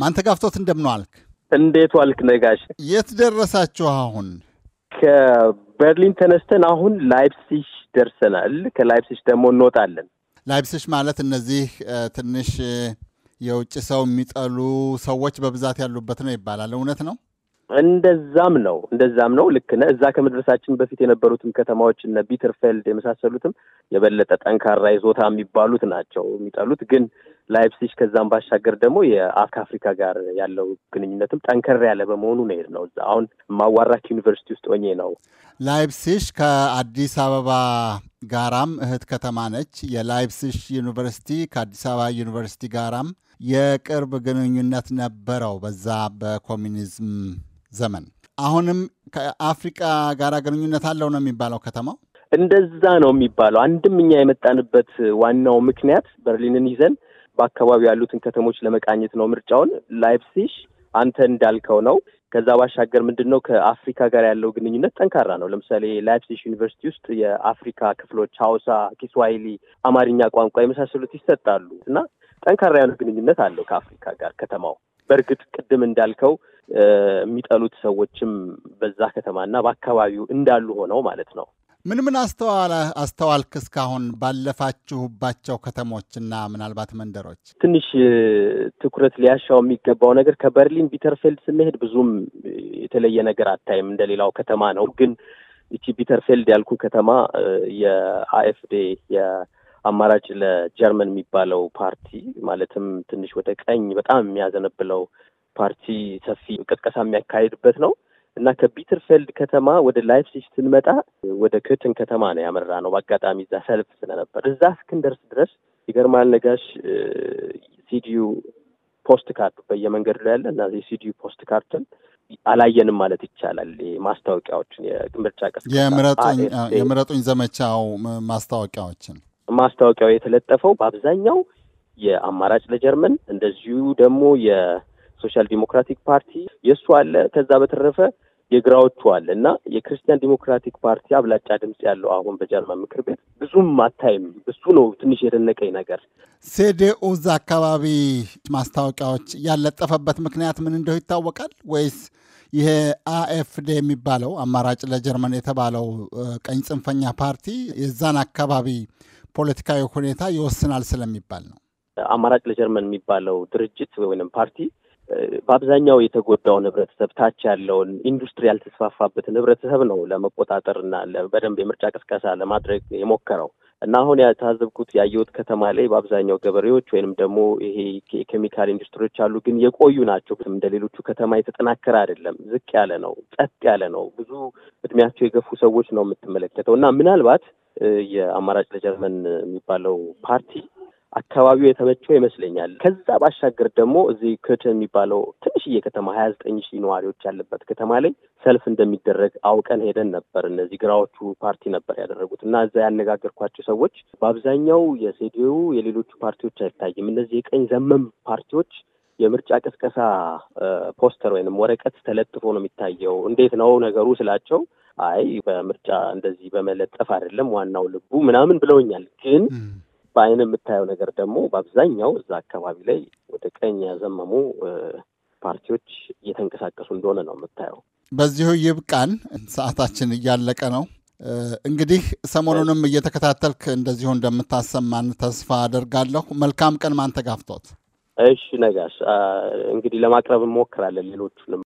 ማን ተጋፍቶት እንደምን ዋልክ? እንዴት ዋልክ ነጋሽ? የት ደረሳችሁ አሁን? ከበርሊን ተነስተን አሁን ላይፕሲሽ ደርሰናል። ከላይፕሲሽ ደግሞ እንወጣለን። ላይፕሲሽ ማለት እነዚህ ትንሽ የውጭ ሰው የሚጠሉ ሰዎች በብዛት ያሉበት ነው ይባላል። እውነት ነው? እንደዛም ነው እንደዛም ነው። ልክ ነህ። እዛ ከመድረሳችን በፊት የነበሩትም ከተማዎች እነ ቢተርፌልድ የመሳሰሉትም የበለጠ ጠንካራ ይዞታ የሚባሉት ናቸው የሚጠሉት ግን ላይፕሲሽ ከዛም ባሻገር ደግሞ የአክ አፍሪካ ጋር ያለው ግንኙነትም ጠንከር ያለ በመሆኑ ነው የሄድነው። እዛ አሁን ማዋራክ ዩኒቨርሲቲ ውስጥ ሆኜ ነው። ላይፕሲሽ ከአዲስ አበባ ጋራም እህት ከተማ ነች። የላይፕሲሽ ዩኒቨርሲቲ ከአዲስ አበባ ዩኒቨርሲቲ ጋራም የቅርብ ግንኙነት ነበረው በዛ በኮሚኒዝም ዘመን። አሁንም ከአፍሪቃ ጋር ግንኙነት አለው ነው የሚባለው ከተማው እንደዛ ነው የሚባለው። አንድም እኛ የመጣንበት ዋናው ምክንያት በርሊንን ይዘን በአካባቢው ያሉትን ከተሞች ለመቃኘት ነው ምርጫውን። ላይፕሲሽ አንተ እንዳልከው ነው። ከዛ ባሻገር ምንድን ነው ከአፍሪካ ጋር ያለው ግንኙነት ጠንካራ ነው። ለምሳሌ ላይፕሲሽ ዩኒቨርሲቲ ውስጥ የአፍሪካ ክፍሎች ሀውሳ፣ ኪስዋይሊ፣ አማርኛ ቋንቋ የመሳሰሉት ይሰጣሉ እና ጠንካራ ያሉ ግንኙነት አለው ከአፍሪካ ጋር ከተማው። በእርግጥ ቅድም እንዳልከው የሚጠሉት ሰዎችም በዛ ከተማና በአካባቢው እንዳሉ ሆነው ማለት ነው። ምን ምን አስተዋልክ? እስካሁን ባለፋችሁባቸው ከተሞችና ምናልባት መንደሮች ትንሽ ትኩረት ሊያሻው የሚገባው ነገር ከበርሊን ቢተርፌልድ ስንሄድ ብዙም የተለየ ነገር አታይም። እንደሌላው ከተማ ነው። ግን ይቺ ቢተርፌልድ ያልኩ ከተማ የአኤፍዴ የአማራጭ ለጀርመን የሚባለው ፓርቲ ማለትም ትንሽ ወደ ቀኝ በጣም የሚያዘነብለው ፓርቲ ሰፊ ቅስቀሳ የሚያካሄድበት ነው። እና ከቢትርፌልድ ከተማ ወደ ላይፕሲጅ ስንመጣ ወደ ክትን ከተማ ነው ያመራ ነው። በአጋጣሚ እዛ ሰልፍ ስለነበር እዛ እስክንደርስ ድረስ ይገርማል ነጋሽ ሲዲዩ ፖስት ካርድ በየመንገዱ ላይ ያለ እና ሲዲዩ ፖስት ካርድን አላየንም ማለት ይቻላል። ማስታወቂያዎችን የምርጫ ቀስ የምረጡኝ ዘመቻው ማስታወቂያዎችን ማስታወቂያው የተለጠፈው በአብዛኛው የአማራጭ ለጀርመን እንደዚሁ ደግሞ ሶሻል ዲሞክራቲክ ፓርቲ የእሱ አለ። ከዛ በተረፈ የግራዎቹ አለ እና የክርስቲያን ዲሞክራቲክ ፓርቲ አብላጫ ድምፅ ያለው አሁን በጀርመን ምክር ቤት ብዙም አታይም። እሱ ነው ትንሽ የደነቀኝ ነገር። ሴዴኡዝ አካባቢ ማስታወቂያዎች ያለጠፈበት ምክንያት ምን እንደው ይታወቃል ወይስ ይሄ አኤፍዴ የሚባለው አማራጭ ለጀርመን የተባለው ቀኝ ጽንፈኛ ፓርቲ የዛን አካባቢ ፖለቲካዊ ሁኔታ ይወስናል ስለሚባል ነው። አማራጭ ለጀርመን የሚባለው ድርጅት ወይም ፓርቲ በአብዛኛው የተጎዳውን ህብረተሰብ ታች ያለውን ኢንዱስትሪ ያልተስፋፋበትን ህብረተሰብ ነው ለመቆጣጠር እና በደንብ የምርጫ ቅስቀሳ ለማድረግ የሞከረው እና አሁን ያታዘብኩት ያየሁት ከተማ ላይ በአብዛኛው ገበሬዎች ወይንም ደግሞ ይሄ የኬሚካል ኢንዱስትሪዎች አሉ፣ ግን የቆዩ ናቸው። እንደ ሌሎቹ ከተማ የተጠናከረ አይደለም። ዝቅ ያለ ነው፣ ጸጥ ያለ ነው። ብዙ እድሜያቸው የገፉ ሰዎች ነው የምትመለከተው እና ምናልባት የአማራጭ ለጀርመን የሚባለው ፓርቲ አካባቢው የተመቸው ይመስለኛል። ከዛ ባሻገር ደግሞ እዚህ ክት የሚባለው ትንሽዬ ከተማ ሀያ ዘጠኝ ሺህ ነዋሪዎች ያለበት ከተማ ላይ ሰልፍ እንደሚደረግ አውቀን ሄደን ነበር። እነዚህ ግራዎቹ ፓርቲ ነበር ያደረጉት እና እዛ ያነጋገርኳቸው ሰዎች በአብዛኛው የሴዲዩ የሌሎቹ ፓርቲዎች አይታይም። እነዚህ የቀኝ ዘመም ፓርቲዎች የምርጫ ቅስቀሳ ፖስተር ወይንም ወረቀት ተለጥፎ ነው የሚታየው። እንዴት ነው ነገሩ ስላቸው አይ በምርጫ እንደዚህ በመለጠፍ አይደለም ዋናው ልቡ ምናምን ብለውኛል ግን በአይን የምታየው ነገር ደግሞ በአብዛኛው እዛ አካባቢ ላይ ወደ ቀኝ ያዘመሙ ፓርቲዎች እየተንቀሳቀሱ እንደሆነ ነው የምታየው። በዚሁ ይብቃን፣ ሰዓታችን እያለቀ ነው። እንግዲህ ሰሞኑንም እየተከታተልክ እንደዚሁ እንደምታሰማን ተስፋ አደርጋለሁ። መልካም ቀን ማንተጋፍቶት። እሺ ነጋሽ፣ እንግዲህ ለማቅረብ እንሞክራለን ሌሎቹንም